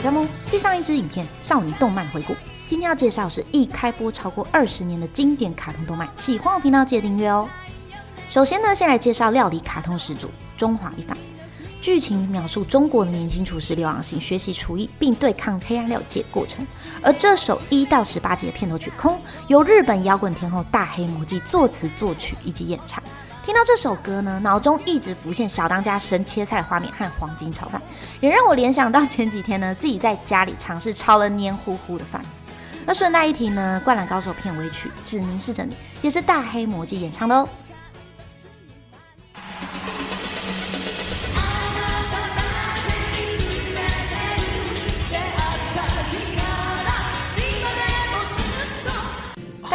節目，接上一支影片《少女動漫回顧》。今天要介紹是已開播超過二十年的經典卡通動漫，喜歡我的頻道記得訂閱哦。首先呢，先來介紹料理卡通始祖《中華一番》。劇情描述中國的年輕廚師劉昴星學習廚藝並對抗黑暗料理的過程。而這首一到十八集的片頭曲《空》，由日本搖滾天后大黑摩季作詞作曲以及演唱。聽到這首歌呢，腦中一直浮現小當家神切菜的畫面和黃金炒飯，也讓我聯想到前幾天呢自己在家裡嘗試炒了黏糊糊的飯。那順帶一提呢，灌籃高手片尾曲《只凝視着你》也是大黑摩季演唱的哦。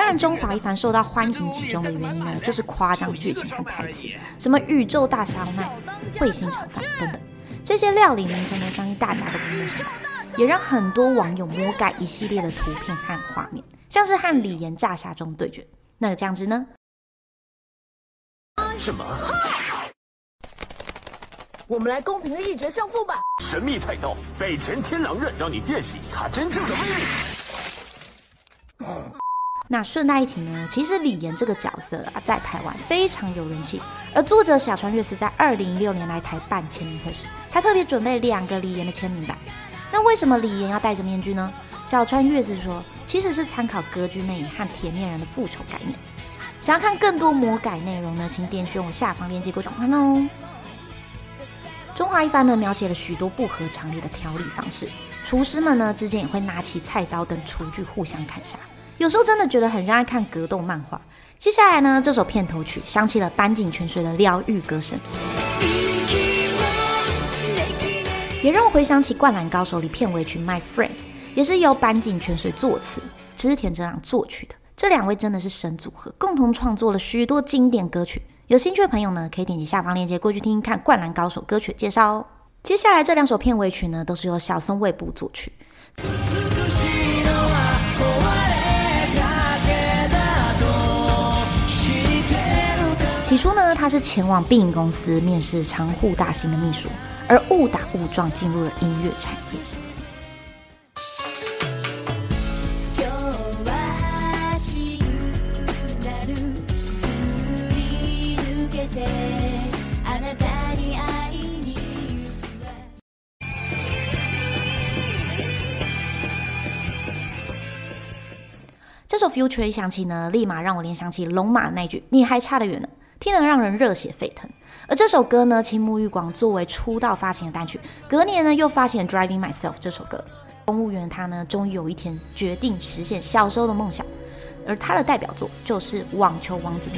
但中華一番受到歡迎其中的原因呢，就是誇張劇情和台詞，什麼宇宙大燒賣、彗星炒飯等等，這些料理名稱呢，相信大家都不陌生，也讓很多網友魔改一系列的圖片和畫面，像是和李岩炸沙中對決，那這樣子呢？什麼？我們來公平的一決勝負吧！神秘菜刀、北辰天狼刃，讓你見識一下它真正的威力。那順帶一提呢，其實李岩這個角色啊，在台灣非常有人氣。而作者小川悅司在二零一六年來台辦簽名會時，他特別準備兩個李岩的簽名板。那為什麼李岩要戴着面具呢？小川悅司說，其實是參考《歌劇魅影》和《鐵面人》的復仇概念。想要看更多魔改內容呢，請點選我下方鏈接給我觀看哦。中華一番呢，描寫了許多不合常理的調理方式，廚師們呢之間也會拿起菜刀等廚具互相砍殺。有時候真的覺得很像在看格鬥漫畫。接下來呢，這首片頭曲想起了坂井泉水的療癒歌聲，也讓我回想起《灌籃高手》裡片尾曲《My Friend》，也是由坂井泉水作詞、織田哲郎作曲的。這兩位真的是神組合，共同創作了許多經典歌曲。有興趣的朋友呢，可以點擊下方鏈接過去聽聽看《灌籃高手》歌曲介紹哦。接下來這兩首片尾曲呢，都是由小松未步作曲。 起初呢，他是前往 Being 公司面試長戶大幸的秘書，而誤打誤撞進入了音樂產業。 這首 Future 一響起呢，立馬讓我聯想起龍馬的那一句“你還差得遠呢”。聽得讓人熱血沸騰，而這首歌呢，青木裕廣作為出道發行的單曲，隔年呢又發行《Driving Myself》這首歌。公務員他呢，終於有一天決定實現小時候的夢想，而他的代表作就是《網球王子》。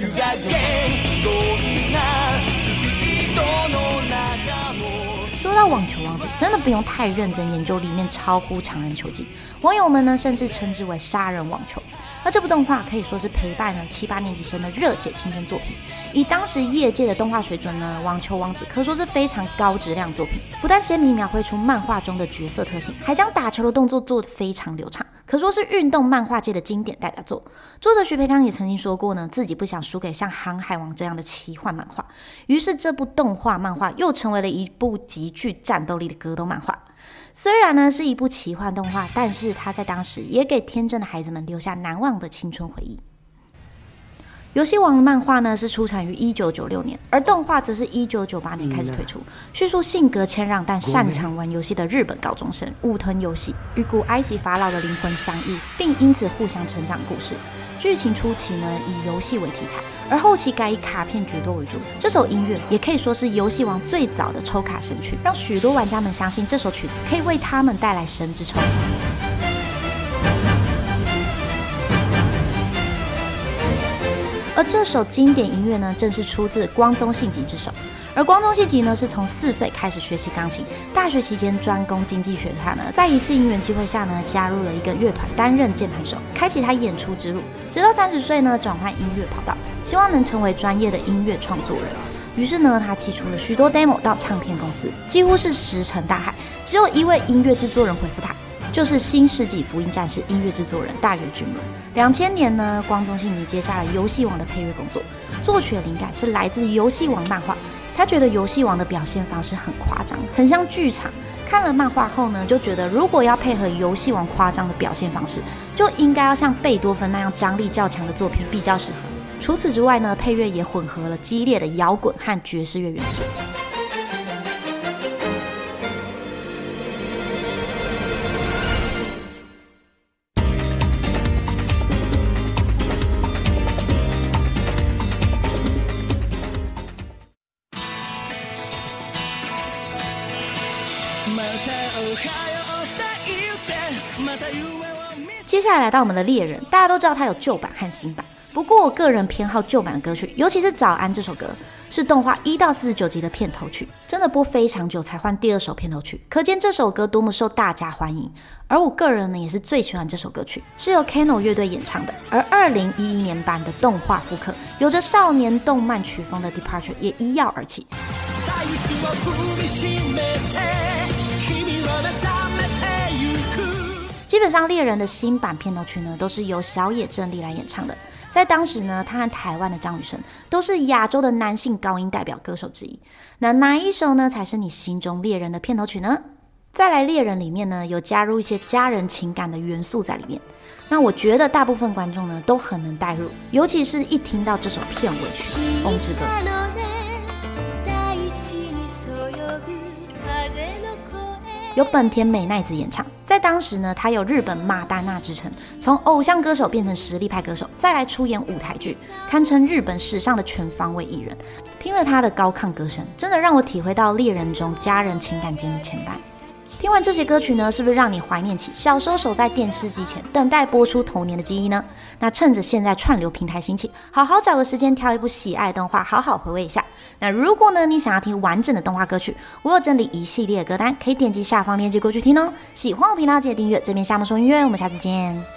說到網球王子，真的不用太認真研究裡面超乎常人球技，網友們呢甚至稱之為“殺人網球”。那這部動畫可以說是陪伴了七八年級生的熱血青春作品。以當時業界的動畫水準呢，《網球王子》可說是非常高質量作品，不但鮮明描繪出漫畫中的角色特性，還將打球的動作做得非常流暢，可說是運動漫畫界的經典代表作。作者許斐剛也曾經說過呢，自己不想輸給像《航海王》這樣的奇幻漫畫，於是這部動畫漫畫又成為了一部極具戰鬥力的格鬥漫畫。雖然呢是一部奇幻動畫，但是它在當時也給天真的孩子們留下難忘的青春回憶。遊戲王的漫畫呢是出產於1996年，而動畫則是1998年開始推出。敘述性格謙讓但擅長玩遊戲的日本高中生武藤遊戲與古埃及法老的靈魂相遇，並因此互相成長故事。劇情初期呢，以遊戲為題材，而後期改以卡片決鬥為主。這首音樂也可以說是遊戲王最早的抽卡神曲，讓許多玩家們相信這首曲子可以為他們帶來神之抽。而這首經典音樂呢，正是出自光宗信吉之手。而光宗信吉呢，是從四歲開始學習鋼琴，大學期間專攻經濟學。他呢，在一次因緣機會下呢，加入了一個樂團，擔任鍵盤手，開啟他演出之路。直到三十歲呢，轉換音樂跑道，希望能成為專業的音樂創作人。於是呢，他寄出了許多 demo 到唱片公司，幾乎是石沉大海，只有一位音樂製作人回復他。就是新世紀福音戰士音樂制作人大月俊倫。兩千年呢，光宗信尼接下了遊戲王的配樂工作，作曲靈感是來自遊戲王漫畫，他覺得遊戲王的表現方式很誇張，很像劇場。看了漫畫後呢，就覺得如果要配合遊戲王誇張的表現方式，就應該要像貝多芬那樣張力較強的作品比較適合。除此之外呢，配樂也混合了激烈的搖滾和爵士樂元素。接下來來到我們的獵人，大家都知道他有舊版和新版，不過我個人偏好舊版的歌曲，尤其是《早安》這首歌，是動畫一到四十九集的片頭曲，真的播非常久才換第二首片頭曲，可見這首歌多麼受大家歡迎。而我個人呢，也是最喜歡這首歌曲，是由 Kano 樂隊演唱的。而二零一一年版的動畫復刻，有着少年動漫曲風的 Departure 也一躍而起。基本上，《獵人》的新版片頭曲呢，都是由小野正利來演唱的。在當時呢，他和台灣的張雨生都是亞洲的男性高音代表歌手之一。那哪一首呢，才是你心中《獵人》的片頭曲呢？再來，《獵人》裡面呢，有加入一些家人情感的元素在裡面。那我覺得大部分觀眾呢，都很能帶入，尤其是一聽到這首片尾曲《風之歌》。由本田美奈子演唱，在當時呢，她有日本馬丹娜之稱，從偶像歌手變成實力派歌手，再來出演舞台劇，堪稱日本史上的全方位藝人。聽了她的高亢歌聲，真的讓我體會到獵人中家人情感間的牽絆。聽完這些歌曲呢，是不是讓你懷念起小時候守在電視機前等待播出童年的記憶呢？那趁着現在串流平台興起，好好找個時間挑一部喜愛的動畫，好好回味一下。那如果呢，你想要聽完整的動畫歌曲，我有整理一系列的歌單，可以點擊下方鏈接過去聽哦。喜歡我頻道，記得訂閱，這邊夏慕說音樂，我們下次見。